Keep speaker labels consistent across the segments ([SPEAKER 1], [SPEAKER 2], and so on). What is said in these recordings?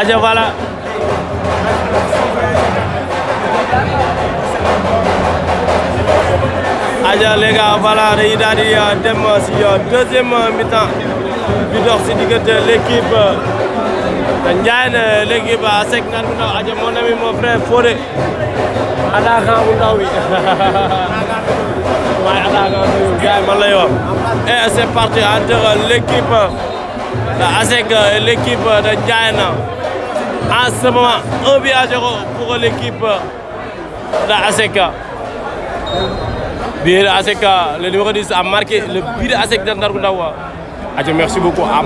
[SPEAKER 1] aja voilà aja les gars voilà dañuy daal di euh, dem euh, si euh, deuxième mi-temps bi dox si diggante l'équipe Ndiayene l'équipe Seck Ngar bu aja mon ami mon frère Fodé attaquant bu ndaw bi waaye attaquant bu gars yi man lay wax et eh, parti entre l'équipe de ASEC et l'équipe de Ndiayene en ce moment un village pour l'équipe de Aseka. Bien Aseka, le numéro 10 a marqué le but de Aseka Ndargundawa. merci beaucoup à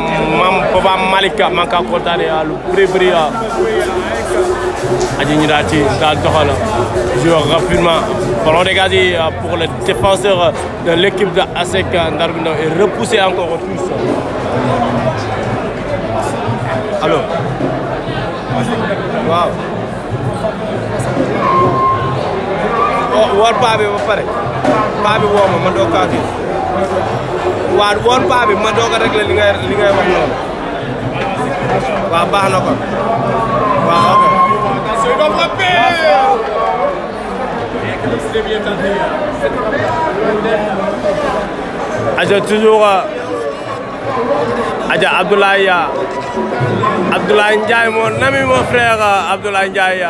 [SPEAKER 1] Papa Malika Manka Kotale, à dans le Nidati, Je joue rapidement. Ballon euh, pour le défenseur de l'équipe de Aseka Ndargundawa et repousser encore plus. Alors, waaw. woo oh, woon ba pare. paa bi ma doog kaa gis. waaw woon ma doog a réglé li ngay li ngay wax noonu. waaw baax na ko. Adja Abdoulaye Ya Abdoulaye Ndiaye mon ami mon frère Abdoulaye Ndiaye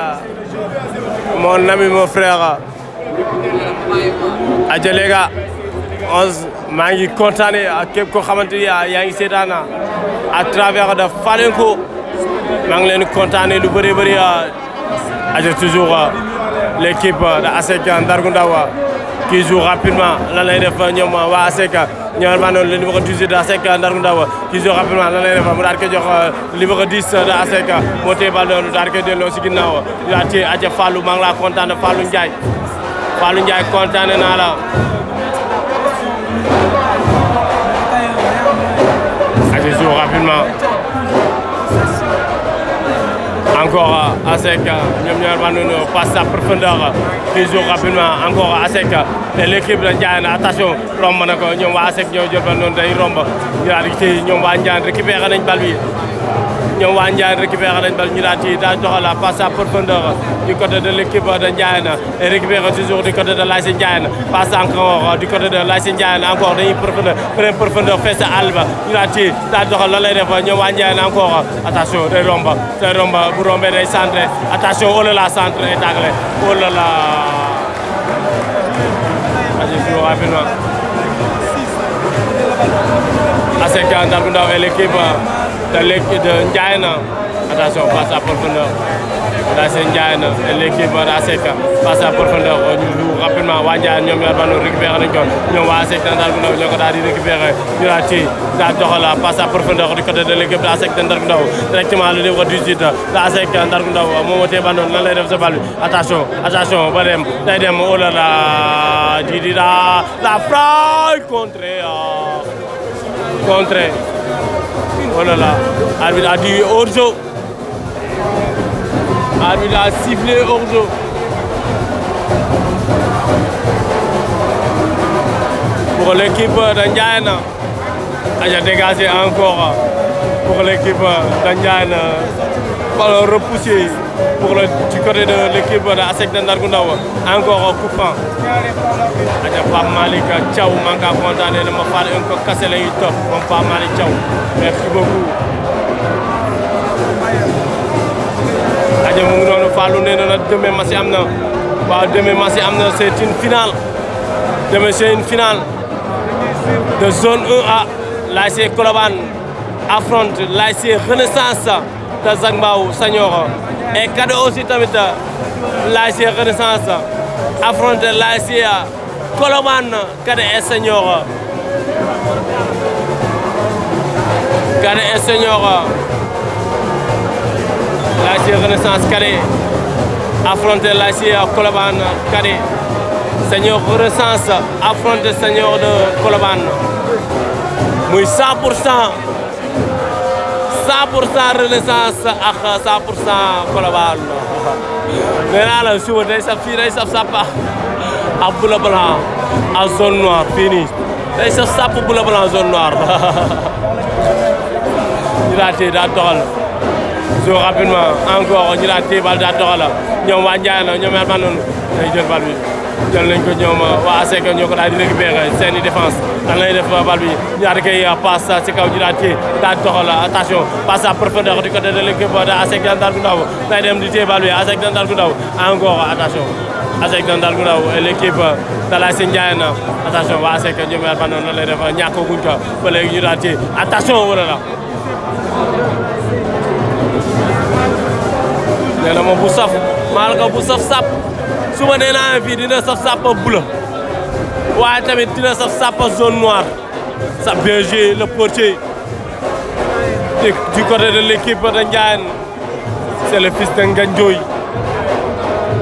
[SPEAKER 1] onze maa ngi kontaane ak képp koo yaa ngi seetaan à travers de Falnco maa ngi leen kontaane lu bëri bëri Adja toujours l'équipe de ASEC Ndargou Ndaw qui joue rapidement lan lay waa ASEC ñoom maa noonu le numéro 18 de ASEC Ndargou Ndaw ki jox rapidement lan lay def mu daal di koy jox euh, numéro 10 de ASEC moo téye bal noonu daal di koy delloo si ginnaaw di laa téye aja Fallou maa ngi laa kontaan Fallou Ndiaye Fallou Ndiaye naa la aja jox rapidement encore à sec. Nous hein. passe à profondeur. Toujours rapidement, encore à sec. Et l'équipe de attention, nous avons à sec, nous avons à Nous à récupérer une ñoo waa Ndiaye récupérer nañ bal ñu daal ci daal la passe à profondeur du côté de l'équipe de Ndiaye et récupérer toujours du côté de l'AC Ndiaye passe encore du côté de l'AC Ndiaye encore dañuy profondeur prendre profondeur face ça Alba ñu daal ci daal doxal la lay def ñoo waa Ndiaye encore attention day romba day romba bu rombé day centré attention oh là là centre est taglé oh là là rapidement ASEC Ndargou Ndaw et l'équipe da l'équipe de Ndiayna attention passe à profondeur l'ASC Ndiayna et l'équipe de ASC passe à profondeur ñu lu rapidement waa Ndiayna ñoom yor ballon récupéré nañ ko ñoom waa ASC Ndar bu Ndaw ñoo ko daal di récupéré ñu daal ci daal doxala passe à profondeur du côté de l'équipe de ASC Ndar bu Ndaw directement le numéro 18 de ASC Ndar bu Ndaw moom moo téye ballon lan lay def sa bal bi attention attention ba dem day dem oh là là di di la la frappe contrée ah. contrée Oh là là. Arvid a dit orzo, jeu a sifflé orzo. Pour l'équipe d'Andiane, ah, il a dégagé encore hein. pour l'équipe d'Andiane. Euh, Pas le repousser pour le, du côté de l'équipe d'Asek Nandargundawa. Encore au coupant. Adjapa Malik, ciao Manga condamné, ne m'a pas encore cassé les top. Bon, pas Malik, Merci beaucoup. Je Mounou, Fallou, Néna, demain, Massi Amna. Demain, Massi Amna, c'est une finale. Demain, c'est une finale de zone 1A. L'AC Koloban affronte l'AC Renaissance de Zangbao et cadeau aussi tamit euh, l'ASC Renaissance euh, affronter l'ASC euh, Colobane cadet senior cadet senior l'ASC Renaissance cadet affronter l'ASC Colobane cadet senior Renaissance affronter senior de Colobane muy 100 pour 100 100% renaissance ak 100% Colobane nee naa la suba day saf fii day saf sàpp ak Boula Blanc ak zone noire fii nii day saf sàpp Boula Blanc zone noire ñu daa téye daa toxal so rapidement encore ñu bal toxal la ñoom yaa ma day jël bal bi jël nañ ko ñoom euh, waa ASEC ñoo daal di récupéré euh, seen i défense nan lay def euh, bal bi ñaari koy passe ci kaw ñu daal téye daal doxal attention passe à profondeur du côté de l'équipe de ASEC Ndargou-Ndaw day dem di téye bal bi ASEC Ndargou-Ndaw encore attention ASEC Ndargou-Ndaw l'équipe de la Sindiane attention waa ASEC ñoom yàlla fànn nan lay def ñàkkaguñ ko ba léegi ñu daal téye attention wala la nee na moom bu saf sap Si je suis en vie, je suis en vie bleu. Je suis en vie en zone noire. Ça a bien le projet. Du côté de l'équipe de c'est le fils d'un Ganjoy.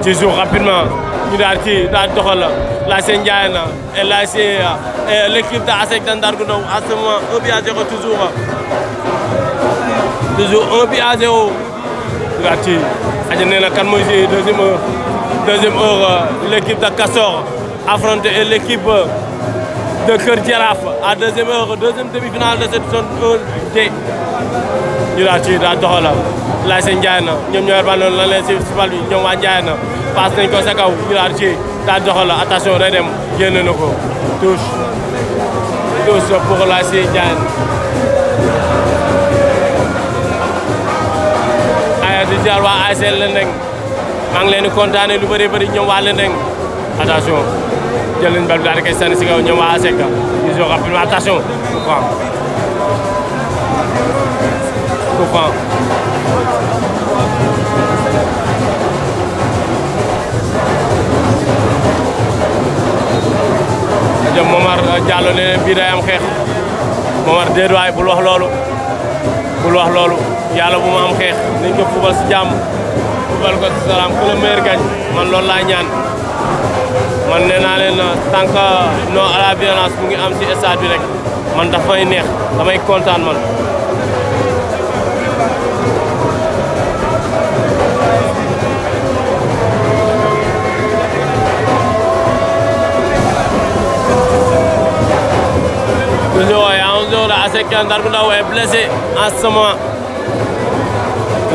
[SPEAKER 1] Tu joues rapidement. Il est là, il est là. La Sengiana, elle euh, a essayé. L'équipe d'Asek Dandargono, à ce moment, 1 0 toujours. Toujours 1 0. Il est la Il est là. Il est là. Deuxième heure, euh, l'équipe de Cassor affronte l'équipe de Kerdiaraf à deuxième heure, deuxième demi-finale de cette zone 1D. Il daal ci daal la seen njaay na ñoom ñoo yor ba noonu passe il si si bal bi attention day dem génn touche touche pour la si njaay na. Ayadi leneng. mang leen di lu bari bari ñom waa Lendeng attention jël leen bal bi daal di ci gaw ñom kaw ñoom ñu jox ils ont attention coup franc coup franc jëm Momar jallo leen bi day am xex Momar déedwaay bu wax lolu bu wax lolu yalla bu mu am xex nañ ko fubal ci jamm football ko si salaam ku la meilleur man loolu ñaan man nee naa leen tant que am si stade bi man daf neex damay kontaan man. Nous avons un joueur à 50 ans, est blessé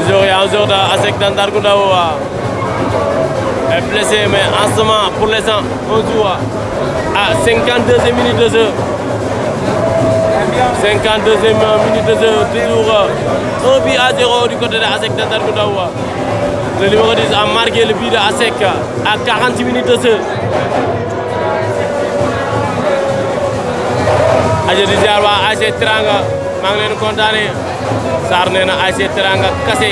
[SPEAKER 1] jour il y a un jour d'Asec Dandargoudaou euh, blessé, mais en ce moment, pour l'instant, on joue à 52e minute de jeu. 52e minute de jeu, toujours 1 euh, but à 0 du côté d'Asec Dandargoudaou. Euh, le numéro 10 a marqué le but d'Asec à 40 minutes de jeu. Aja di jaar waa ASC Teranga maa ngi leen kontaanee Sarr nee na ASC Teranga kase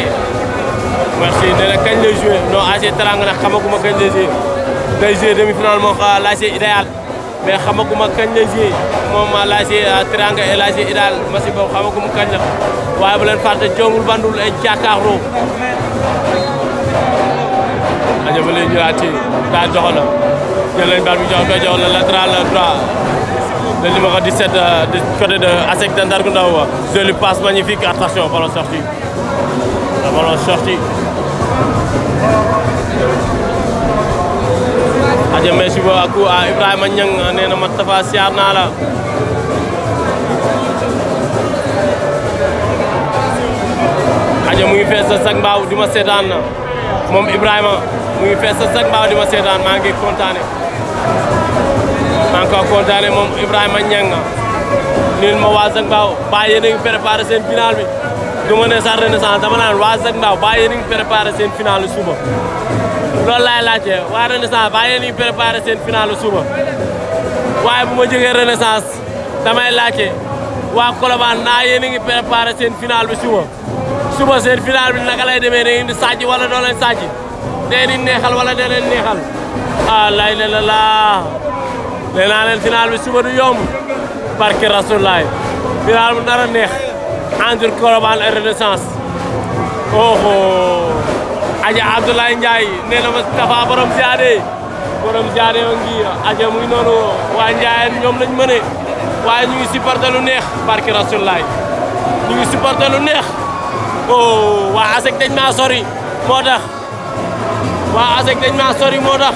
[SPEAKER 1] merci nee kañ lay joué non ASC Teranga nag xamaguma kañ lay joué day joué demi final moo xa ah, l'ASC idéal mais xamaguma kañ lay joué moom ah, l'ASC ah, Teranga et l'ASC idéal match boobu xamaguma kañ la waaye bu leen fàtte jongul bandul ay jàkkaarloo aja ba lay ñëwaat daal joxo la jël leen bal bi jox ko jox la latéral le numéro 17 euh, de côté de Asek Dandargundawa. Je lui passe magnifique. Attention, ballon sorti. La ballon sorti. Adjamé Suba à coup Ibrahim yang Nena Matafa Siarnala. Adja mu ngi fees sa sag mbaaw di ma seetaan moom Ibrahima mu ngi fees di ma seetaan maa ngi kontaane encore ko daane moom Ibrahima Niang niin ma waa Zac baa yéen a seen final bi du ma ne dama naan waa Zac Mbao baa yéen a ngi préparé seen suba loolu laay laajte waa renaissance baa yéen a ngi préparé seen final suba waaye bu ma jógee renaissance damay waa Colobane naa yéen a seen final bi suba suba seen final bi naka demee da di sàcc wala doo leen sàcc dee neexal wala dee neexal ah lay nee naa leen final bi suba du yomb barke Rasulaay final bu nar a neex entre Colobane et Renaissance oho aja Abdoulaye Ndiaye nee na ma Tafa borom ziade borom ziade ma ngi aja muy noonu waa Ndiaye ñoom lañ mëne waaye ñu ngi supporté lu neex barke Rasulaay ñu ngi supporté lu neex oh waa ASEC dañ maa sori moo tax waa ASEC dañ maa sori moo tax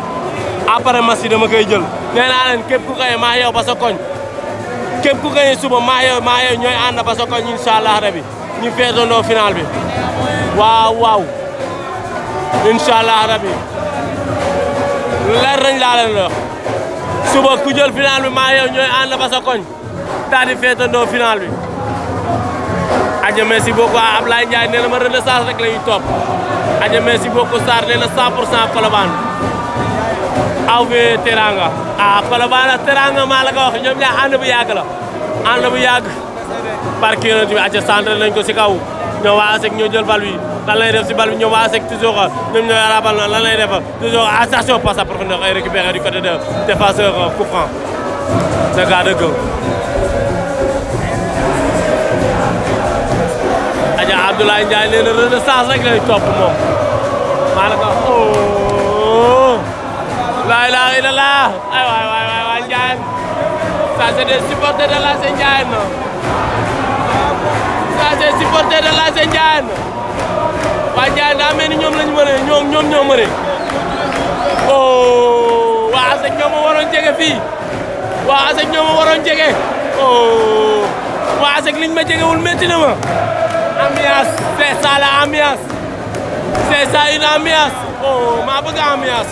[SPEAKER 1] après match yi dama koy jël nee naa leen képp ku gañe maa yow ba koñ képp ku gañe suba maa yow ñooy ànd ba koñ incha allah rabi ñu feetandoo bi waaw waaw incha allah rabi leer nañ laa leen suba ku jël final bi maa yow ñooy ànd ba koñ daal di feetandoo final bi. aja merci beaucoup Ablaye Ndiaye nee ma renaissance rek la ñuy topp aja merci beaucoup Sarr nee na 100 pour cent Colobane aw bi a ah Colobane teranga maa la ko ñoom ñaar ànd bu yaa la ànd bu yàgg barke yonent bi acca centre nañ ko si kaw ñoom waa ñoo jël bal bi lan lay def si bal bi ñoom waa ASEC toujours ñoom ñoo rabal na lan lay def toujours station passe à profondeur ay récupéré du côté de défenseur euh, coup franc de gars de Gaulle Adja Abdoulaye Ndiaye nee na renaissance laa ilaaha illallah ay waay waay waay waay Ndiaye ça c'est des supporters de l'ASC Ndiaye ça c'est des supporters de l'ASC Ndiaye waa Ndiaye daa mel ni ñoom ñoom ñoom ñoo mëne oh ñoom moo waroon jege fii waa ñoom moo waroon jege oh waa ASC liñ ma jegewul métti ma ambiance c'est la ambiance c'est ça une ambiance oh maa bëgg ambiance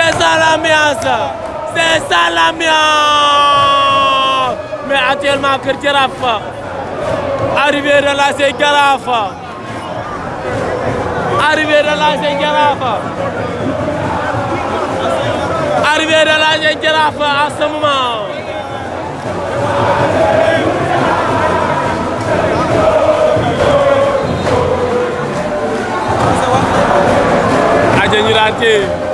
[SPEAKER 1] C'est ça l'ambiance. C'est ça l'ambiance. Mais actuellement, Kertiraf, arrivé de la Garaf. Arrivé de la Garaf. Arrivé de la Garaf à ce moment. la Latif.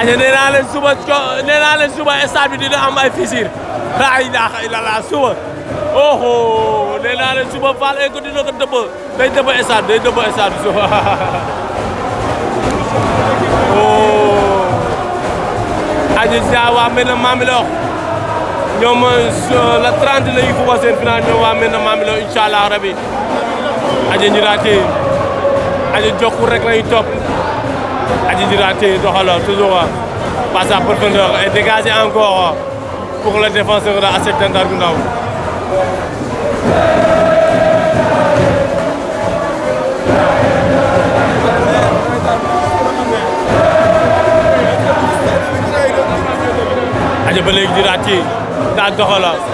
[SPEAKER 1] aja nee suba nee naa leen suba stade bi dina ay fisir laa suba oho nee suba Fall ay dina ko dëbb day dëbb stade day dëbb stade bi suba aja saa waa mel na Maamilor ñoom euh, la 30 la ñu ko seen final waa mel na Maamilor incha allah rabi aja ñu aja jokku rek la ñu Adi Diraté doxal toujours passe à profondeur et dégager encore pour le défenseur de ASEC Dandar Gounaw. Adi ba léegi Diraté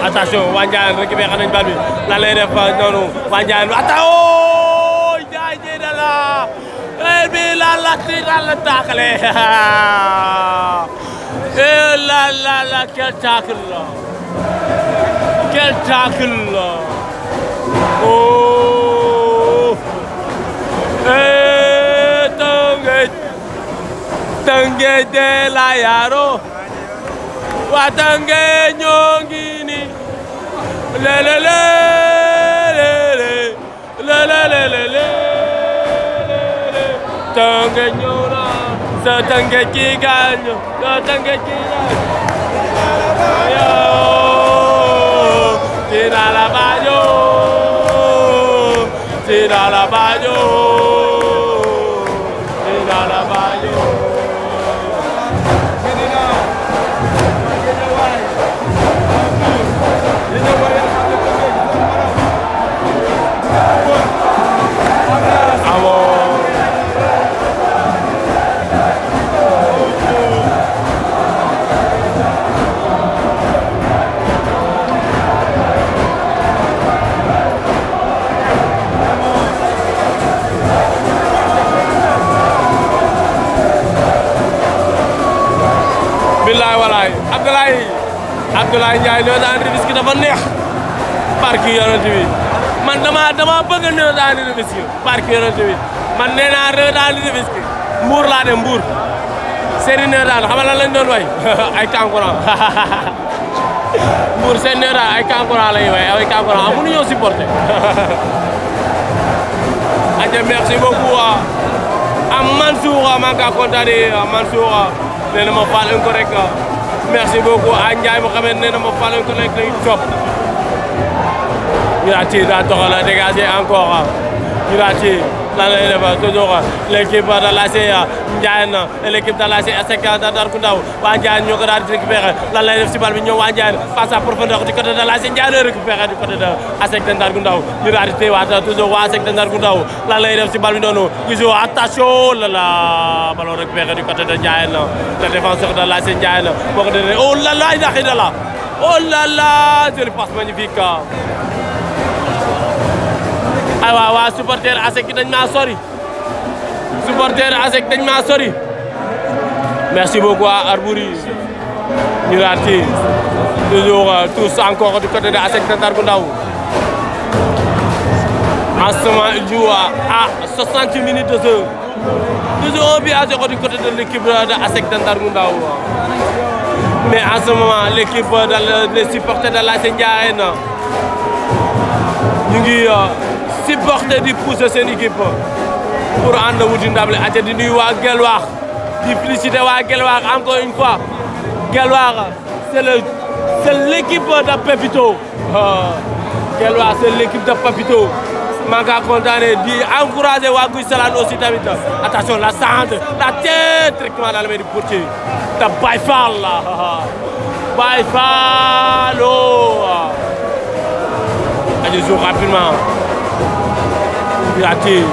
[SPEAKER 1] attention waa Ndiayène récupéré nañ bal bi lan lay def attention yalla taakale eh, la la la quel tacle là quel tacle là oh eh tangue tangue de la yaro wa tangue nyongini le le le Sa tanga que gaño, da tanga que da. Cierra la bayo, cierra la bayo, cierra la bayo. Abdoulaye Abdoulaye Ndiaye loolu daan Rufisque dafa neex parc yonent bi man dama dama bëgg a loolu daan Rufisque parc yonent bi man nee naa loolu daan Rufisque mbuur laa dem mbuur seen i daan xam nga lan lañ doon way ay kankuran mbuur seen i daan ay kankuran la ñuy way ay kankuran amuñu ñoo supporter. aja merci beaucoup ah. am Mansour ah, maa ngi kaa kontaanee ah, Mansour nee na ma faal encore rek. merci beaucoup à Ndiaye mu xamee nee na ma fàle ko nekk lay topp ñu daal ci daal doxal dégagé encore ah. ñu daal ci lan lay def toujours l'équipe de l'ASC Ndiayène l'équipe de l'ASC ASC Ndargou Ndaw waa Ndiayène ñoo ko daal di récupéré lan lay def si bal bi ñëw waa Ndiayène passe à profondeur du côté de l'ASC Ndiayène récupéré du côté de ASC Ndargou Ndaw ñu daal di téewaat ah, toujours waa ASC Ndargou Ndaw lan lay def si bal bi noonu toujours attention la oh la ballon récupéré du côté de Ndiayène le défenseur de l'ASC Ndiayène boo ko déggee oh là là il a oh là là joli passe magnifique ah. ay waaw supporter ASEC dañ maa sori supporter ASEC dañ maa sori merci beaucoup à Arbouri ñu raati toujours euh, tous encore du côté de ASEC de Ndargou-Ndaw en ce moment il joue euh, à 60 minutes de jeu toujours un but à zéro du côté de l'équipe euh, de ASEC de Ndargou-Ndaw mais en ce moment l'équipe de les supporters de l'ASEC Ndiarène ñu ngi supporter pouce pousser seen équipe pour rendre le ndam li aca di nuyu Difficile Guelwaar di féliciter Wa encore une fois Guelwaar c'est le c'est l'équipe de Papito c'est l'équipe de Papito maa ngi kontaane di encourager waa Guy aussi attention la centre la tête directement dans le milieu du portier te Baye Fall oh allez jouer rapidement ak kii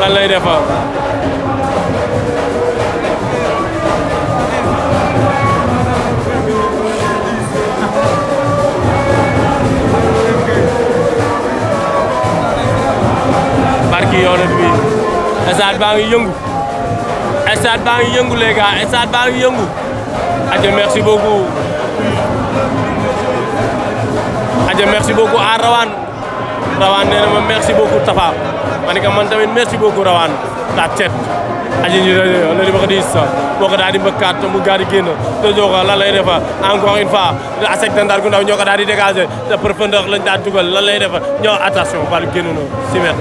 [SPEAKER 1] lan barki yonent bi stade baa ngi yëngu stade baa ngi yëngu les gars stade baa ngi yëngu aja merci beaucoup aja merci beaucoup à Rawane merci beaucoup Tafa manika man tamit merci beaucoup Rawane la tête aji ñu la di bëgg di sa boko daal di mbëkkaat mu gaari di génn te joko la lay defa encore une fois la sec dandar gu ndaw ñoko daal di dégager te profondeur lañ daan duggal la lay defa ño attention bal génn no si met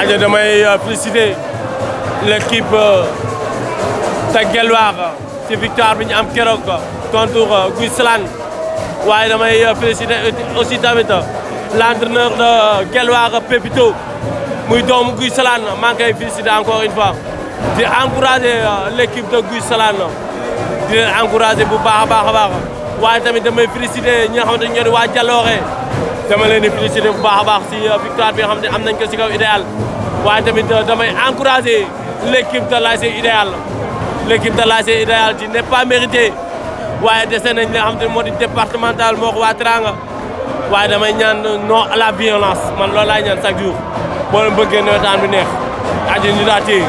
[SPEAKER 1] aja damay uh, féliciter l'équipe uh, ta gelwaar ci victoire bi ñu am kérok contre uh, Guislan waaye damay féliciter aussi tamit l'entraîneur de gelwaar Pepito muy doomu Guy Salane maa ngi féliciter encore une fois di encourager euh, l'équipe de Guy Salane di leen encourager bu baax a baax a tamit damay féliciter ñi nga xamante ne ñoo di waa Jaloore dama leen féliciter bu baax a si euh, victoire bi nga xam ne am nañ ko si kaw idéal waaye tamit euh, damay encourager l'équipe de l'ASC idéal l'équipe de l'ASC idéal di n'est pas méritée waaye dese nañ li nga xam te ne moo di départemental moo ko waa Teranga damay ñaan non à la violence man loolu laay ñaan chaque jour boo leen bëggee nawetaan bi neex aji ñu daa téye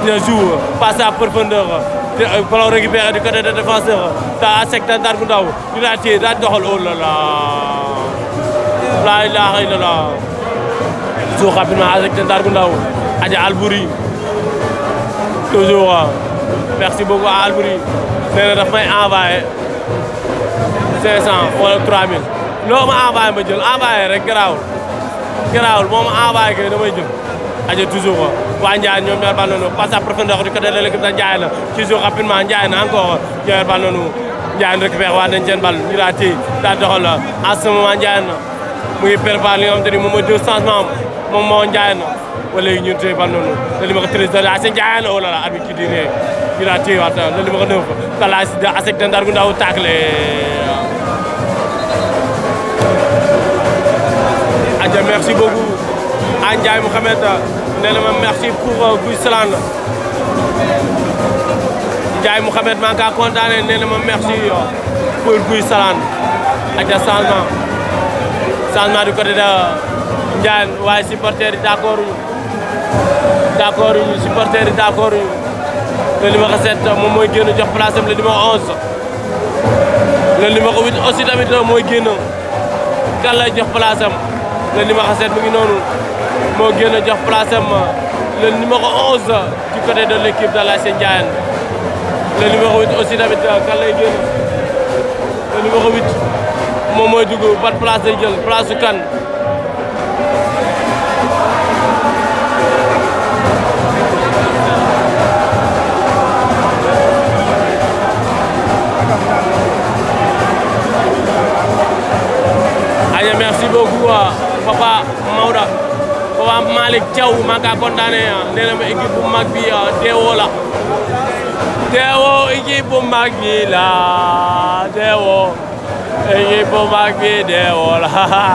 [SPEAKER 1] dina joue passé à profondeur euh, ballon récupéré du côté des défenseurs ta à secteur dar gu ndaw ñu daa téye daa doxal oh là là la ilaha illallah joue rapidement à secteur dar gu ndaw aja Albouri toujours merci beaucoup à Albouri nee na daf may envoyé 500 wala 3000 loo ma envoyé ma jël envoyé rek garaawul garaawul moom envoyé kay damay jël aja toujours ko waa Ndiaye ñoom ñoo bal nañu passe à profondeur du côté de l'équipe de Ndiaye la toujours rapidement Ndiaye na encore ñoo bal nañu Ndiaye récupère waa dañ seen bal ñu daa téye daa doxal à ce moment Ndiaye na mu ngi préparé li nga xam te ni moom mooy deux changements moom moo Ndiaye na ba léegi ñun téye bal nañu le numéro 13 de la seen Ndiaye na oh là là arbitre ki di ree ñu daa téye waat le numéro 9 de la Asec de Ndargu Ndaw taclé merci beaucoup Andiaye Mouhamed euh, nee na ma merci pour euh, Guislande Ndiaye Mouhamed maa ngi kaa kontaanee nee na ma merci euh, pour Guislande aca changement changement du côté de Ndiaye waaye supporters yi d'accord ñu d'accord ñu supporters yi d'accord ñu le numéro 7 moom mooy génn jox place am le numéro 11 le numéro 8 aussi tamit mooy génn kan lay jox place le numéro 7 mu ngi le numéro 11 du côté de l'équipe de la le numéro 8 aussi d'habitude, euh, kan le numéro 8 n'y a pas de place de jël place su kan. merci beaucoup. Hein. papa Maodo papa Malick Thiaw maa ngi kaa kontaanee nee na ma équipe bu mag bi teewoo ah, la teewoo équipe bu mag bi la teewoo équipe bu mag bi teewoo la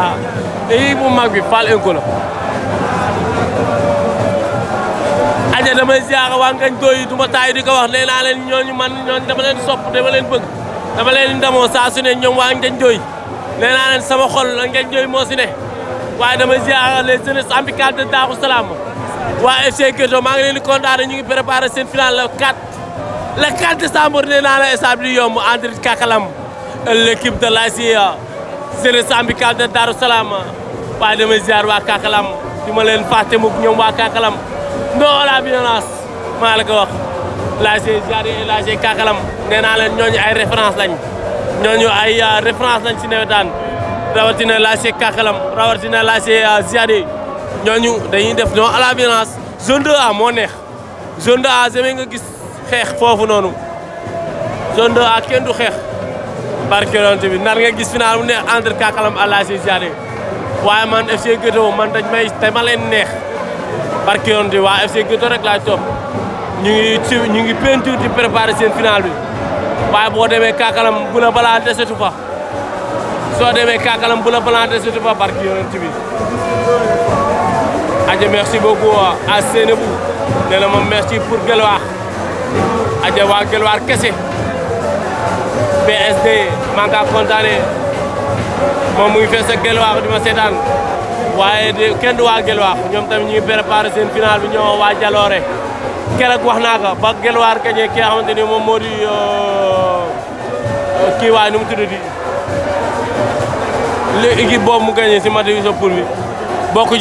[SPEAKER 1] équipe bu mag bi Fall Enco la. aja damay ziar waa ngañ doy du ma taay di ko wax nee naa leen ñooñu man ñooñu dama leen sopp dama leen bëgg dama leen ndamoo saa su ne ñoom waa ngañ doy nee naa leen sama xol la ngañ doy moo si ne. waaye damay ziar les jeunes amicales de Darou waa FC Gueto maa ngi leen di kontaan ñu ngi préparé seen final le 4 le 4 décembre nee naa la stade bi yomb Kakalam l' équipe de l'ASC jeunesse amicale de Darou Salam waaye damay ziar waa Kakalam di ma leen fàtte mukk ñoom waa Kakalam non la violence maa la ko wax l'ASC ziar l'ASC Kakalam nee naa leen ñooñu ay référence lañ ñooñu ay euh, référence lañ ci nawetaan rawatina laajte Kakalam rawatina laajte euh, Ziadé ñooñu dañuy def non à la violence zone 2A moo neex zone 2A jamais nga gis xeex foofu noonu zone 2A kenn du xeex barke yonent bi nar nga gis final mu neex entre Kakalam à laajte Ziadé waaye man FC Guédiawaye man dañ may te ma leen neex barke yonent bi waa FC Guédiawaye rek laay ñu ngi ñu ngi peinture di préparer seen final bi waaye boo demee Kakalam bu na balaa desetu fa. soo demee Kaakalaam bu la planté surtout pas barki yonent bi Adja merci beaucoup à Sénébou nee ma merci pour Guelwaar Adja ah. wa Guelwaar kese PSD maa ngi kontaane moom muy ah, di ma seetaan waaye de kenn du waa Guelwaar ah. ñoom tamit ñu ngi préparé seen final bi ñoo waa Jaloore keroog wax naa ko ba Guelwaar gañee ki léegi équipe boobu mu gagné si match bi sa poule bi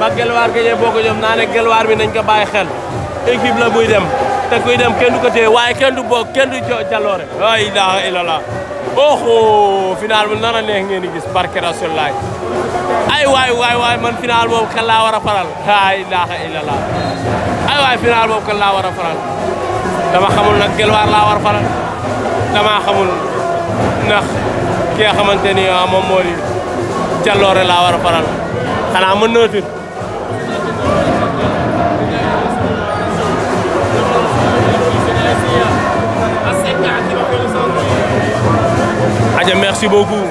[SPEAKER 1] ba gelwaar gagné bokk jom naa ne gelwaar bi nañ ko bàyyi xel équipe la buy dem te kuy dem kenn du ko téye waaye kenn du bokk kenn du jaloore la ilaha illallah oho final ngeen di gis barke rasulaay waay waay waay boobu kan laa war a faral la ilaha illallah ay waay final boobu kan laa war a faral dama xamul nag gelwaar laa war a faral dama xamul ndax ki nga xamante ni ah, moom moo di Jaloore war a xanaa mën na tudd merci beaucoup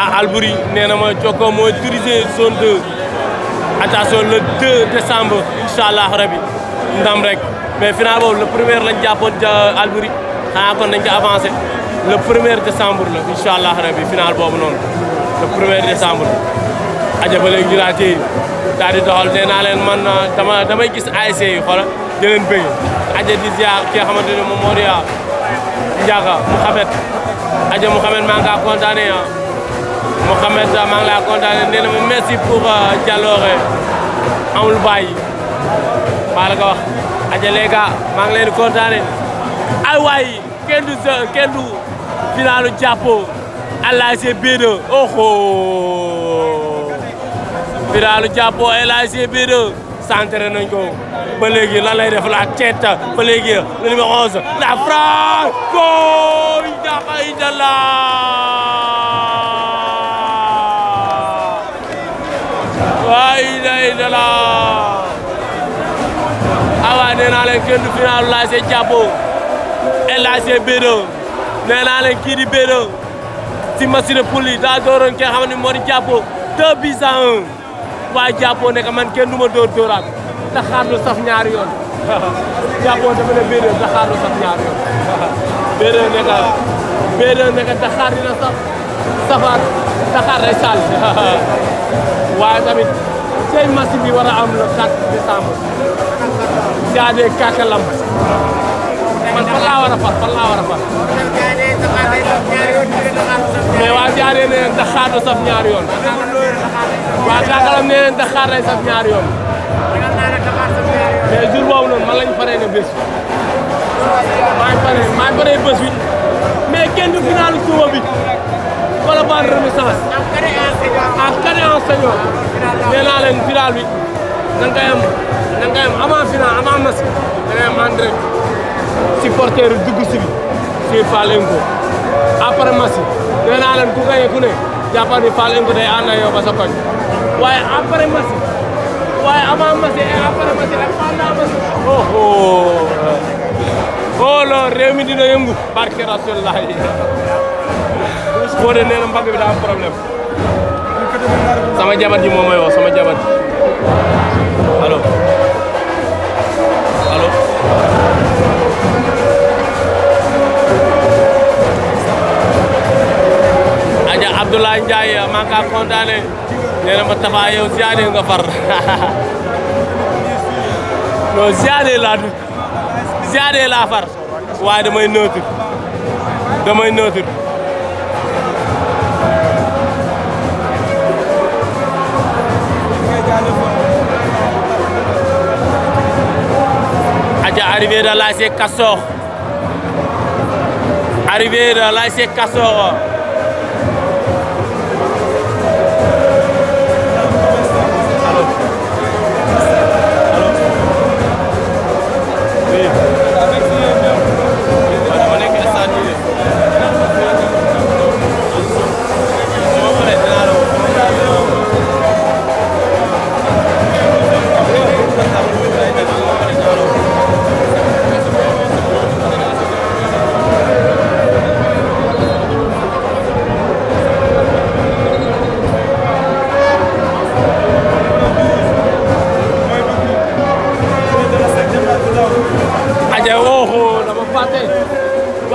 [SPEAKER 1] ah Albouri nee na ma Jokko mooy autorisé zone 2 le 2 décembre incha allah ndam rek mais final boobu le premier lañ jàppoon Albouri xanaa kon nañ ko avancé le premier décembre la incha allah rabi final boobu noonu le premier décembre aja ba léegi ñu daal ci daal naa leen man ah, dama damay gis ASC yi xoolal di aja di ziar ki nga xamante ne moom moo di ah, Ndiaga Mouhamed aja Mouhamed maa ngi kaa kontaanee ah. ma merci pour jaloore amul bàyyi maa la ko wax aja les gars maa ngi leen di kontaanee ay waay kenn Finalo Diapo, LAG B2, oh final do Japão, Elas 2 centre nañ ko ba lá lan lay def la tête ba léegi le numéro 11 la frappe goal Ndiakha Indala waay Indala awa nee naa leen kenn du final LAG Diapo LAG B2 nee naa leen kii di Bédé si machine poul daa dooroon ki nga xam ne moo di jàppoo deux man kenn du ma dóor dóoraat taxaar saf ñaari yoon jàppoo dafa ne Bédé saf ñaari yoon Bédé ne ka Bédé ne ka taxaar dina saf safar taxaar day sal waaye tamit seen machine bi a am le 4 man fan laa war nee nañ daxaar du saf ñaari yoon. waa Kaakalam nee nañ daxaar day saf ñaari yoon. mais jour boobu noonu man lañ paree ne bés bi. maa ngi paree maa ngi paree bés bi mais kenn du final suba bi. wala ban renaissance. en caréance senior. nee naa leen final bi na nga koy am na nga koy am avant final supporter dugg si bi c'est Falengo après match nee yang leen ku gañe ku ne jàppal ni Palenko day ànd ak ba sa koñ waaye après match waye avant match et après match ak pendant match oh oh oh, oh lo réew mi dina yengu barke rasulallah ko boo de nee na bi da am problème sama jabat di momay wax sama jabat Halo, halo. Abdoulaye Ndiaye maa ngi kaa kontaane nee na ma Tapha yow ziyaane nga far non ziyaane laa laa far waaye damay neutre damay neutre Adja arrivé de l'ASC Castors arrivé de l'ASC Castors Oui.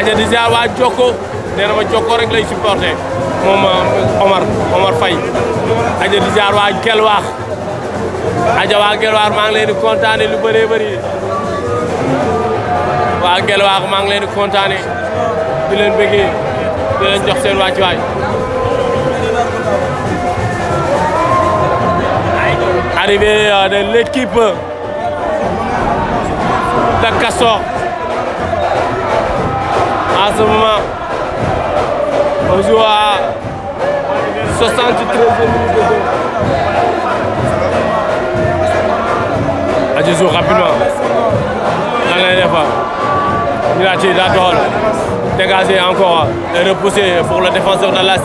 [SPEAKER 1] aja di ziar waa Jokko nee na ma Jokko rek lay supporté moom Omar Omar Fai. aja di ziar waa Gelwaax aja waa Gelwaax maa ngi leen di kontaane lu bëree bëri waa Gelwaax maa ngi leen di kontaane di leen bëggee di leen jox seen arrivé euh, de l'équipe de Castor En ce moment, on joue à 73 minutes de rapidement. Dans Il a dit la Dégagé encore et repoussé pour le défenseur de la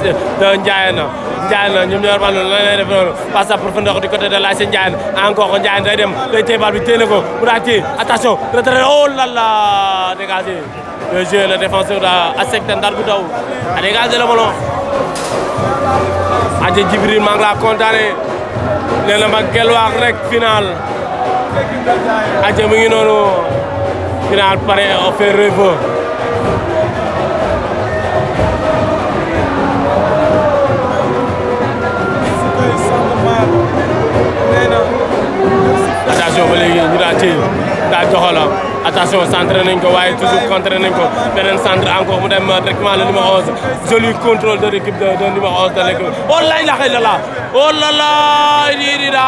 [SPEAKER 1] passe à profondeur du côté de la Ndiaye encore Ndiaye attention oh là là dégagé. le jeu le défenseur a accepté Ndargou Daw a dégagé le ballon Adja Djibril maa ngi laa kontaane nee na ma gelwaax rek final Adja mu ngi noonu final pare au fait rêve attention ba léegi ñu daa téye daa attention centré nañ ko waaye toujours contré nañ ko beneen centre encore mu dem directement le numéro 11 joli contrôle de l'équipe de de numéro 11 de l'équipe oh la ilaha illallah oh la la irida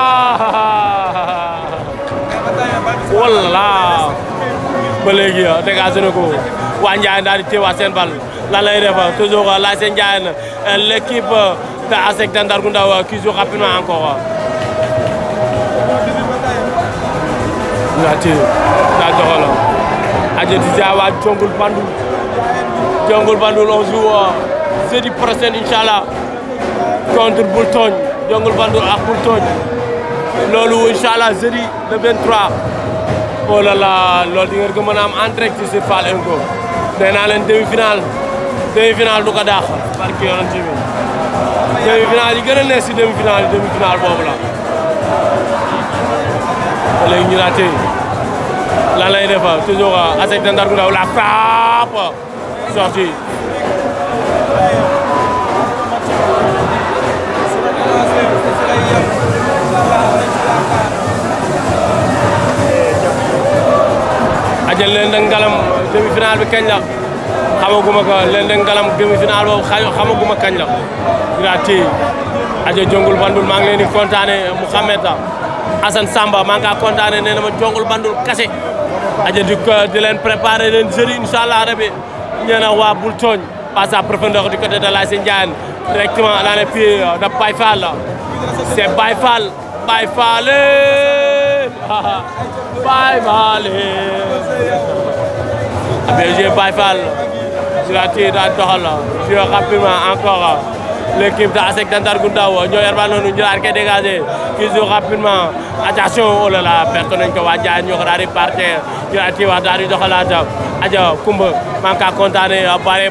[SPEAKER 1] walla ba léegi ah, dégagé na ko waa Ndiaye daal di téewaat seen bal lan lay def ah, toujours ah, la seen Ndiaye na l'équipe de ASEC de Ndargou Ndaw qui joue rapidement encore. joxolo ajeti sa wa jongul bandul jongul bandul on joue jeudi prochain inchallah contre Boultogne jongul bandul ak Boultogne loolu inchallah jeudi le 23 oh là là loolu di ngeen ko mën a am en direct ci Fall Info nee naa leen demi-finale demi-finale du ko daax barki yonent bi demi-finale yi gën a neex ci demi-finale yi demi-finale boobu la léegi ñu naa tey lan lay def toujours ASEC de Ndargou la frappe sorti Aja leen da ngalam demi final bi kagn la xamaguma ko leen da ngalam demi final bo xamaguma kagn la grati aja jongul bandul mang ngi leen di kontaane Mouhamed Samba maa ngi kaa kontaane ma jongul bandul kase aja di di leen préparer leen jeuri inchallah rabbi ñena wa bul togn passe à profondeur du côté de la Sindiane directement dans les pieds de Baifal c'est Baifal Baifal eh. Baifal eh. bien joué Baifal sur la tête d'Antoral je rapidement encore l'équipe d'ASEC d'Antargoutao. Nous avons nous qui dégagé, qui joue rapidement. Attention, oh là là, personne qui va dire, nous allons repartir. Nous allons tirer dans le jeu. Adja, Kumba, manque à condamner, à parler,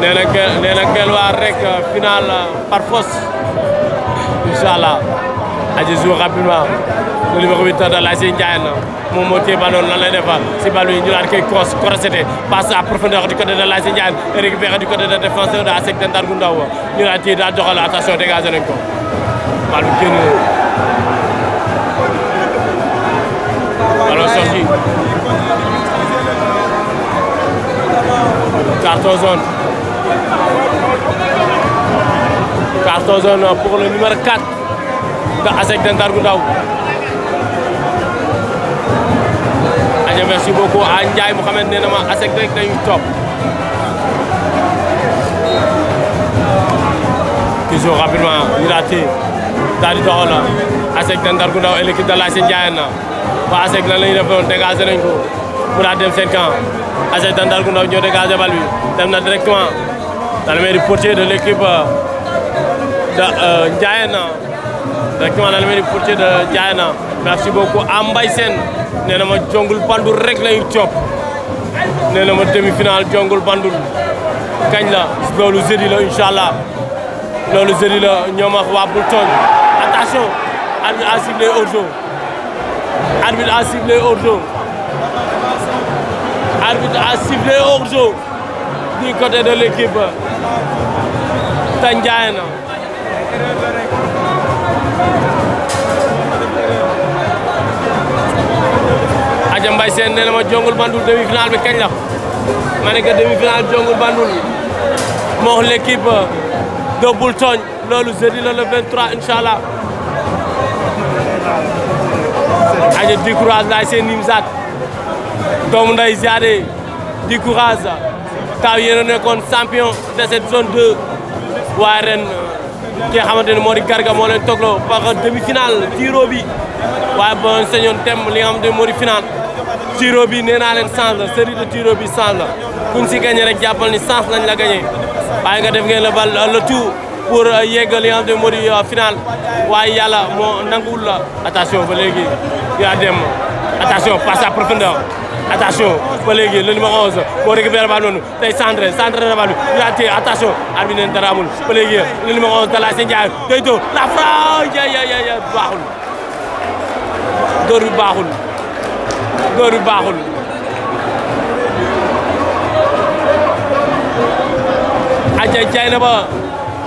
[SPEAKER 1] nena na gel rek final eh, par force incha allah aji joue rapidement le numéro 8 euh, de la Ndiaye la euh, moom moo téye ballon lan lay defar si ballon yi ñu daan koy cross crossete passe à profondeur du côté de la Ndiaye récupéré du côté de défenseur de ASEC Ndargou Ndaw ñu daan téye daal doxal attention dégagé nañ ko ballon génn ballon sorti carton jaune Carton jaune pour le numéro 4 de ASEC de Ndargou-Ndaw. Adja merci beaucoup à Ndiaye Mouhamed nee na ma ASEC rek dañuy topp. Toujours rapidement ñu raté daal di doxal ASEC de Ndargou-Ndaw et l'équipe de l'ASC e Ndiayène waa ASEC lan la ñuy def doon dégagé nañ ko mu daal dem seen camp ASEC de Ndargou-Ndaw ñoo dégagé bal bi dem na directement dans le meilleur portier de l'équipe. Euh, Ndiayena directement dans le mairie portier de Ndiayena merci beaucoup Ambay nee na ma jongul bandul rek lañu coob nee na ma demi-finale jongul bandul kañ loolu jeudi la allah loolu jeudi la ñoom ak waa bul tooñ attention arbitre a sifflé hors jeu de l'équipe ta Ndiayena Khadija Mbaye seen nee na ma jongul bandul demi finale bi kañ la ma ne demi finale jongul bandoul moo wax l'équipe euh, de Boultogne loolu jeudi la le 23 inchallah allah. aja di courage laay seen nim saat doomu nday ziaré di courage taw yéne a kon champion de cette zone 2 waaye ren euh, ki nga xamante di garga mo len toklo par demi finale tiro bi waaye bon sañoon tem li nga xamante ne moo di finale tiro bi nee naa leen chance la série de tiro bi chance la kuñ si gagné rek jàppal ni chance lañ la gagné waaye nga def la bal le tout pour yeggal li nga xam moo di final waaye yàlla moo nanguwul la attention ba léegi yaa dem attention passe à profondeur attention ba léegi le numéro 11 moo récupéré bal noonu tey centré centré na bal bi yaa téye attention arbi neen dara amul ba léegi le numéro 11 la frappe baaxul door yu baaxul aca cay na ba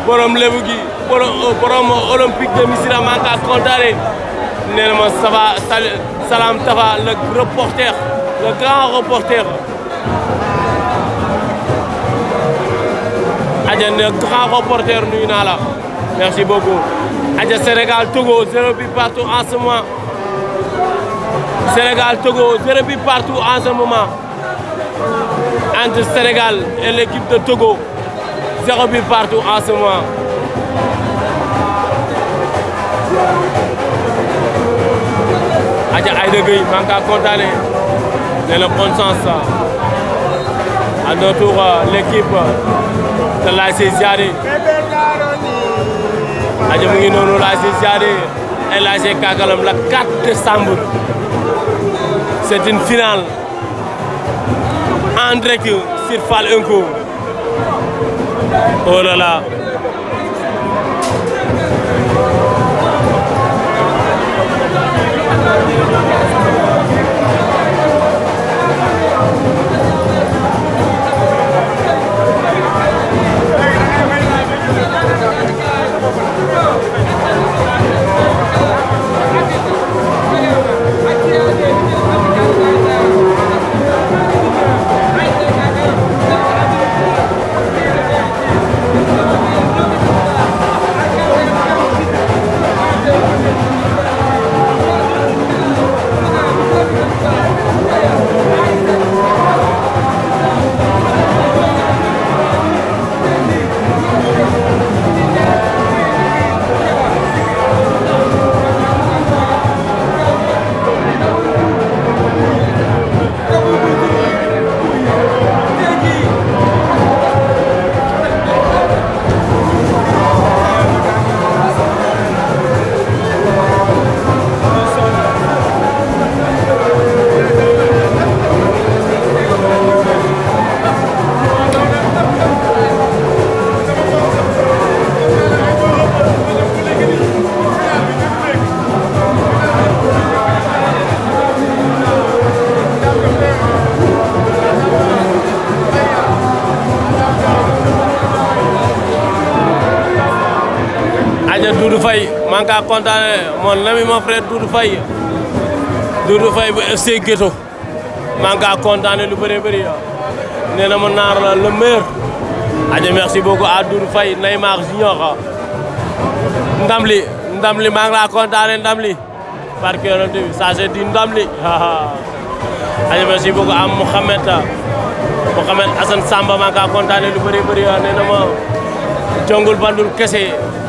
[SPEAKER 1] borom lebu gi euh, borom olympique de Missirah maa ngi nee na ma Salam Tafa le reporter le grand reporter aja le grand reporter nuy naa la merci beaucoup aja Sénégal Togo zéro but partout en ce moment Sénégal, Togo, zéro but partout en ce moment. Entre Sénégal et l'équipe de Togo, 0 but partout en ce moment. Adja Aïdegui, manque à condamner. C'est le bon sens. À notre euh, l'équipe de la Ziaré. Adja Mouguinono, la Ziaré. El Hadj Kakalam la 4 décembre c'est une finale André direct sur Fall coup. oh là là maa kontane kaa mon lami ma frère Doudou Faye Doudou Faye bu FC Ghetto maa ngi lu beure ah. na la le maire aja merci beaucoup à Doudou Faye Neymar Junior ndamli ah. ndamli ndam la maa ndamli parce que ça c'est di ndamli adje merci beaucoup à Mouhamed ah. Mouhamed hassan Samba maa kontane kaa lu bëree bëri nee na ma jongul bandul kese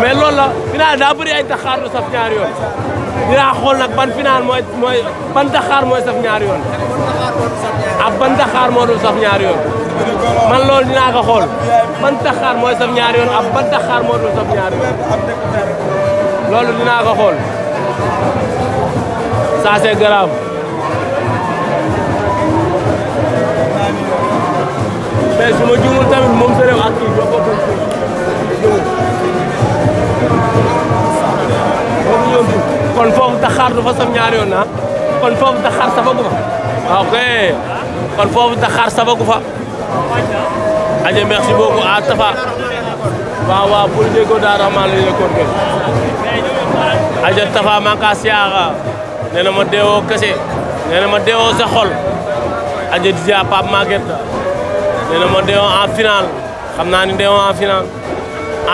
[SPEAKER 1] mais loolu la final daa bëri ay taxaar du saf ñaari yoon dinaa xool nag ban final mooy mooy ban taxaar mooy saf ñaari yoon ak ban taxaar moo dul saf ñaari yoon man loolu dinaa ko xool ban taxaar mooy saf ñaari yoon ak ban taxaar moo dul saf ñaari yoon loolu dinaa ko xool ça c'est grave. mais su ma juumul tamit moom kon foofu taxaar du fa sam ñaari yoon ah. kon foofu taxaar safagu fa waaw ah, kon foofu taxaar safagu fa aje merci beaucoup à Tafa waaw waaw pour jéego daa raxmaan la yëkkoon ke aja Tafa maa kaa siyaaxa nee ma deewoo kese nee na ma deewoo sa xol aja di ja Pape Maguette nee ma deewoo en final xam naa ni deewoo en final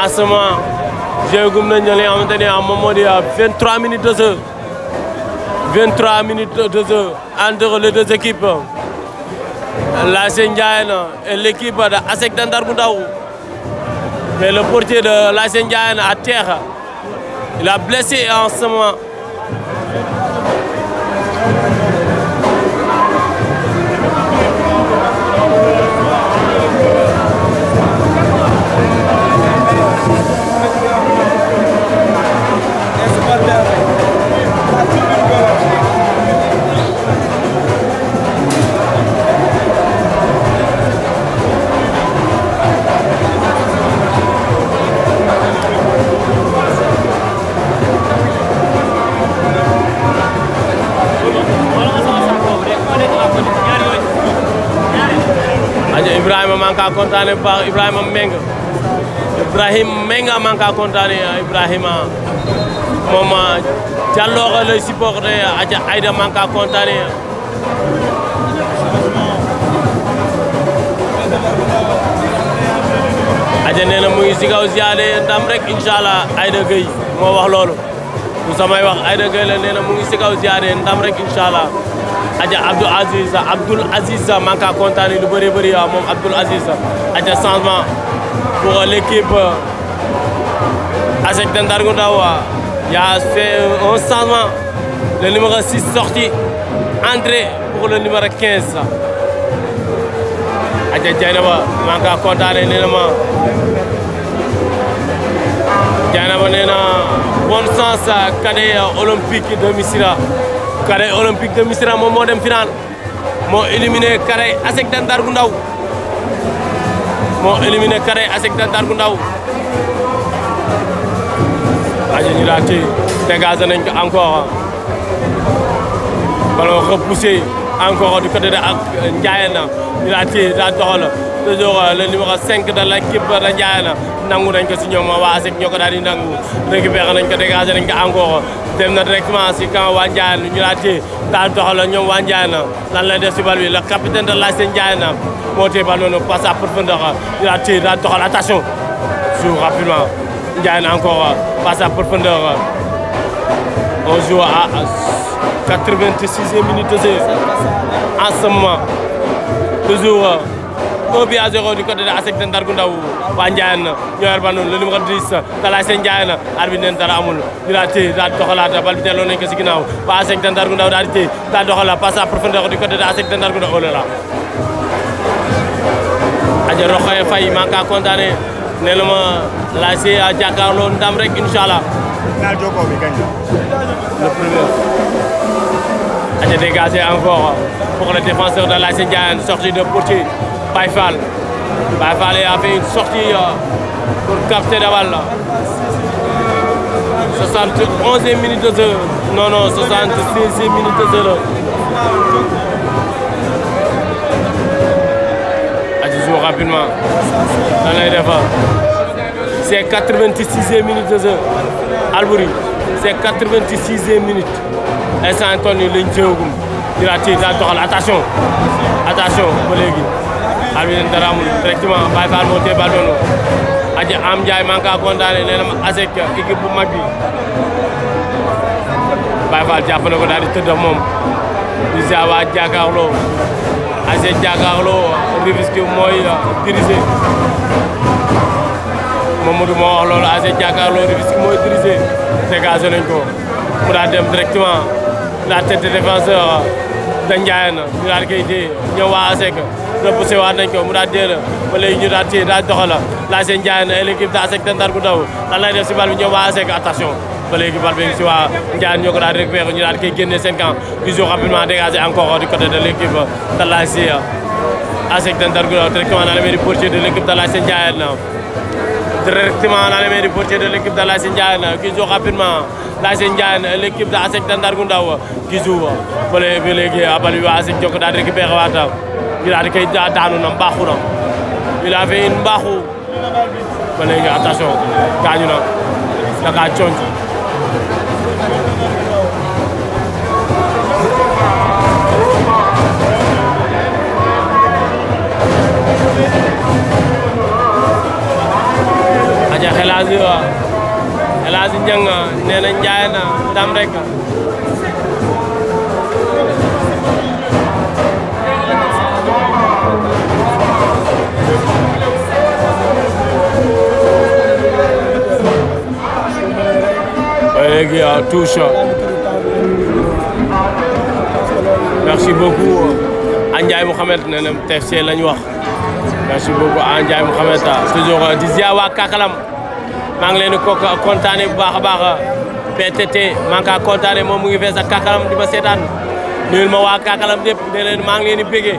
[SPEAKER 1] en J'ai eu un moment 23 minutes de jeu 23 minutes de jeu entre les deux équipes La Ndiayène et l'équipe d'Asek Dandar de mais le portier de la Ndiayène à terre il a blessé en ce moment Ibrahima maa ngi kaa kontaane bu baax Ibrahima Mbengue Ibrahima Mbengue maa ngi kaa kontaane ah, Ibrahima moom ah, Diallo lay supporté ah, Adja Aïda maa ngi kaa kontaane Adja nee na mu ngi si kaw ziyaade ndam rek incha allah Aïda moo wax loolu bu samay wax Aïda Gueye la nee mu ngi si kaw ziyaade ndam rek incha aja Abdoul Aziz Abdul Aziz manque à kaa le lu bëri bëri ah, Aziz changement pour l'équipe ASEC de Ndargou ah, il y a fait un changement le numéro 6 sorti entrée pour le numéro 15 aja Dieynaba manka ngi kaa kontaane na sens olympique de Cadet Olympique de Missirah moom moo dem final moo éliminé Cadet ASEC Ndargu Ndaw moo éliminé Cadet ASEC Ndargu Ndaw aji ñu daal ci dégagé nañ ko encore ballon repoussé encore du côté de ak Ndiayène ñu daal ci daal toujours le numéro 5 de l'équipe de Ndiayène nangu nañ ko si ñoom waa ASEC ñoo ko daal di nangu récupéré nañ ko dégagé nañ ko encore dem na directement si camp waa Ndiayène ñu laaj ci daal doxal ñoom waa Ndiayène lan lañ def si bal bi le capitaine de l'ASC Ndiayène moo téye bal noonu passe à profondeur ñu laaj ci daal doxal attention joue rapidement Ndiayène encore passe à profondeur on joue à 86e minute de jeu en ce moment toujours 1 but à di côté de ASEC de Ndargoundaou waa Ndiayane ñoo yor ba le numéro 10 arbitre amul ñu daal téye daal doxalaat bal bi delloo nañ ko si ginnaaw waa ASEC di téye daal doxalaat passe à profondeur du côté de ASEC de Ndargoundaou oh là aja roxoye fay maa kaa kontaane ne la ma laaj si ah, jàkkaarloo ndam rek joko bi le premier encore pour le défenseur de la de Baifal Baifal a fait une sortie euh, pour capter la balle. 71 minutes de jeu. Non, non, 76 minutes de jeu. Adjoujo rapidement. C'est 86e minute de jeu. Albury, c'est 86e minute. Et Saint-Antoine, Il a tiré Attention. Attention, collègues. xam ne dara amul directement Baye Fall moo téye bal noonu aji am Ndiaye maa ngi bu mag bi Baye Fall jàpp ko daal di tëdd moom di saa waa jàkkaarloo ASEC jàkkaarloo Rufisque mooy dirigé Mamadou moo wax mu daal dem directement la tête de défenseur da Ndiaye na ñu waa ASEC repoussé waat nañ ko mu daal dee ba léegi ñu daal téye daal la seen jaay na bu daw lan lay def si bal bi ñoom waa ASEC attention ba léegi bal bi si waa Ndiaye ñoo ko daal récupéré ñu daal koy génne seen camp qui joue rapidement dégagé encore du côté de l'équipe de la SIA ASEC de bu daw directement dans les mains portier de l'équipe de la SEC Ndiaye na directement dans les mains portier de de la na rapidement daal di koy daanu na mbaaxu na il avait une mbaaxu ba léegi attention gaañu na da kaa conc aja xelaas yi waa xelaas yi njëng nee na njaay collègues et à tous. merci beaucoup anjay Mouhamed nee TFC lañ wax merci beaucoup Andiaye Mohamed. Ah. toujours euh, di ziar Kakalam Je ngi leen di kontaane bu baax baax ah. PTT maa ngi kaa kontaane mu ngi Kakalam di ma seetaan nuyul ma waa Kakalam yëpp de leen maa ngi leen di bégee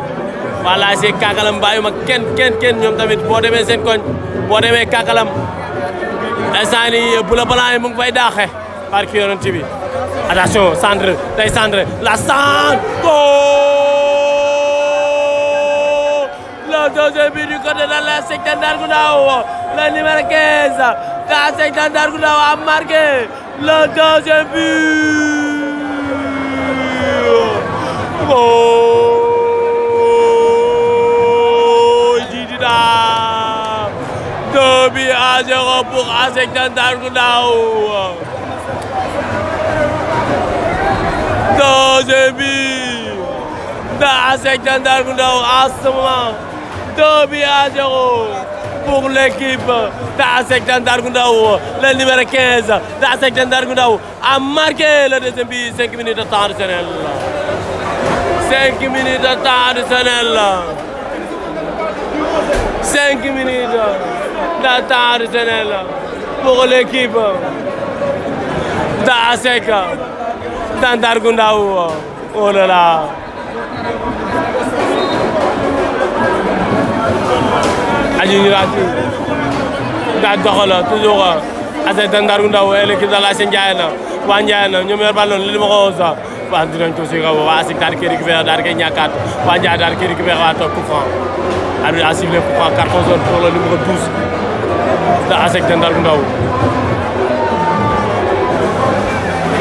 [SPEAKER 1] voilà c'est Kakalam bàyyi ma kenn kenn kenn ñoom tamit boo demee seen koñ boo demee Kakalam instant yii bu la balaa mu ngi fay barki yonent bi attention centre day centre la centre goal la deuxième but du côté de la secteur d'Argoudao le numéro 15 la secteur d'Argoudao a marqué le deuxième but goal Didida 2 buts à 0 pour Asec Ndargoudao 5 دا سکتن در گونه و آسمان دابی آجاو بغل کیپ دا سکتن در گونه و لندی مرکز دا سکتن در گونه و امر که لندی بی سنگ منیت تار سنل سنگ منیت تار سنل سنگ منیت دا تار سنل بغل کیپ دا سکتن dans Dargounda ou oh là là. Adji Nurati daa doxala toujours assez dans Dargounda ou l'équipe de la Ndiayena waa Ndiayena ñoom yor ballon li ma ko woon sax waa dinañ ko si kaw waa Asic daal di koy récupéré daal di koy ñàkkaat waa Ndiaye daal di koy récupéré waa toog coup franc arbitre a sifflé coup franc carton jaune pour le numéro 12 de Asic Ndargou Ndaw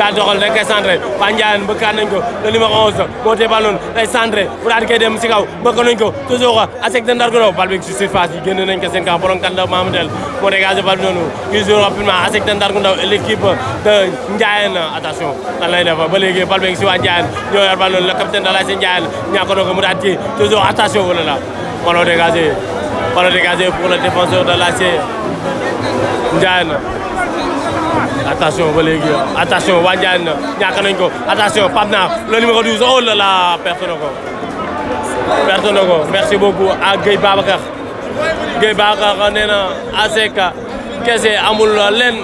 [SPEAKER 1] daa doxal rek koy centré Pandian bëkkaat nañ ko le numéro 11 boté ballon bal noonu day centré bu daal di dem ci kaw bëkk nañ ko toujours quoi asec de ndargo bal bi ci surface yi gënë nañ ko seen camp borom kat la Mamadel mo dégager bal nonu ki jour rapidement asek de ndargo ndaw l'équipe de Ndiayène attention lan lay def ba légui bal bi ci wa Ndiayène ñoo yar ballon le capitaine de la seen Ndiayène ñàkk na ko mu daal di toujours attention wala la ballon dégagé ballon dégager pour le défenseur de la Ndiayène attention ba léegi attention waajaan ñàkk nañ ko attention Pape Nar le numéro 12 oh là là perte na ko perte na ko merci beaucoup à Guèye Babacar Guèye Babacar nee na ASC kese amul leen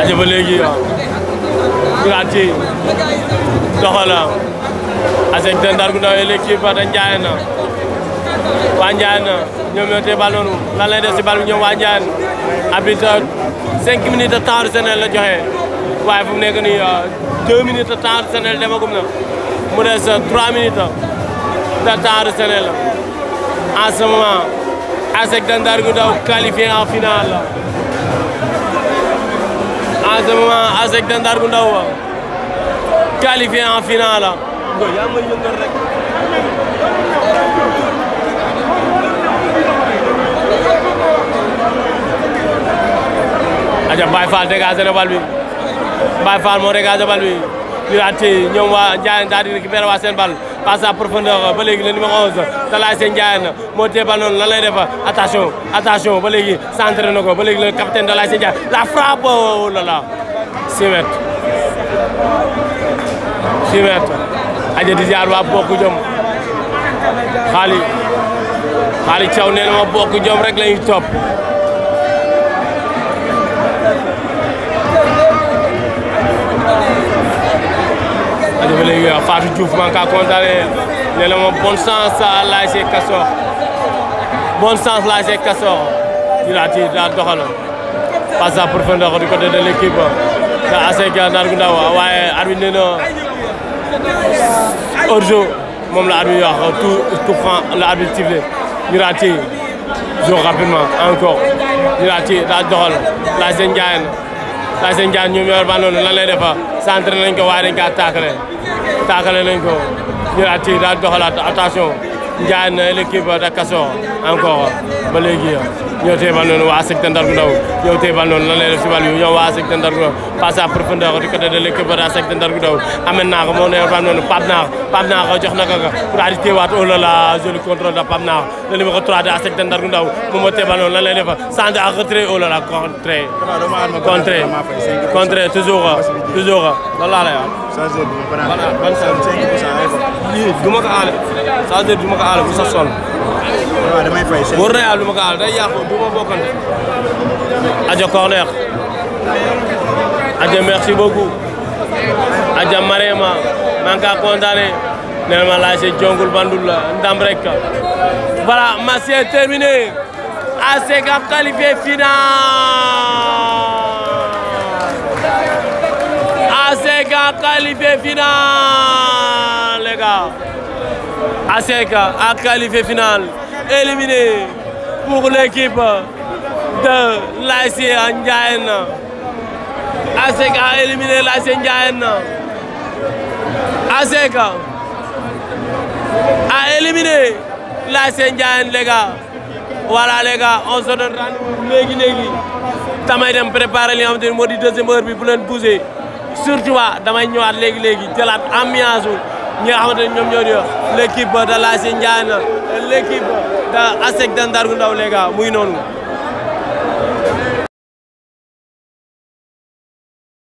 [SPEAKER 1] aja ba léegi ñu ah. ngi ci doxala ASC Ndargou et l'équipe de Ndiayène waa Ndiayène ñoom ñoo bal noonu lan lay bal bi waa Ndiayène habite cinq minutes de temps la joxe waaye fu mu nekk nii euh, deux minutes de temps additionnel demagum na mu des euh, trois minutes de temps additionnel en en finale en ce moment ASC en finale yaa may yëngal rek. aja Baye Fall dégagé na bal bi Baye Fall moo dégagé bal bi ñu daan téye ñoom waa Ndiayène daal di récupéré waa seen bal passe à profondeur ba léegi le numéro 11 Talaay Sène Ndiayène moo téye bal noonu lan lay def attention attention ba léegi centré na ko ba léegi le capitaine Talaay Sène Ndiayène la frappe oh là là 6 mètres 6 mètres aja di jaar waa bokk jom xaali xaali caw nee na ma bokk jom rek la ñuy topp aja ba léegi waa Fatou Diouf man ka kontaane nee na ma bonne chance laay see kasoox bonne chance laay see kasoox dina ti daa doxal passe à profondeur du côté de l'équipe da ASC Ndargou Ndaw waaye arbitre nee na hors jeu moom la arbitre wax euh, tout tout franc la arbitre a ñu raté jour rapidement encore ñu raté daal doxal laaj seen jaayeen laaj seen jaayeen ñoom yor ba noonu lan lay defa ah? centré nañ ko waaye dañ kaa taakale taakale nañ ko ñu raté daal doxalaat attention jaayeen na l'équipe de Castor encore ba léegi ah. ñoo teebal noonu waa ASEC Ndargou Ndaw ñoo teebal noonu lan lay def si wàll yu ñoom waa ASEC Ndargou Ndaw passe à profondeur du côté de l'équipe de ASEC Ndargou Ndaw amen naa ko moo neebal noonu Pape Naar Pape Naar jox na ko nga pour adi teewaat au oh la zone contrôle de Pape Naar le numéro 3 de ASEC Ndargou Ndaw moom moo teebal noonu lan lay def sans à retrait au oh la contré contré contré toujours toujours loolu laa lay wax voilà ban sa duma ko aale saa duma ko aale bu sa sol waaw damay fay ma ko day yàqu ma bokkal. Corner. Adja merci beaucoup. Adja Marema maa ngi kaa kontaane nee na ma laaj jongul bandul la ndam rek. voilà match est terminé. ASC Cap qualifié final ASC Cap qualifié final les gars. Asek a qualifié final, éliminé pour l'équipe de l'AC Ndiayen. Asek a éliminé la Ndiayen. Aseka a éliminé La Ndiayen, les gars. Voilà les gars, on se donne rendez-vous Tamay dem préparer li nga pour modi deuxième heure bi bu bouger surtout wa damay ñëwaat légui-légui, jëlaat ñi nga xamante ne ñoom ñoo di l' équipe de la Sindiane l' équipe de ASEC de Ndargu Ndaw léegi muy noonu.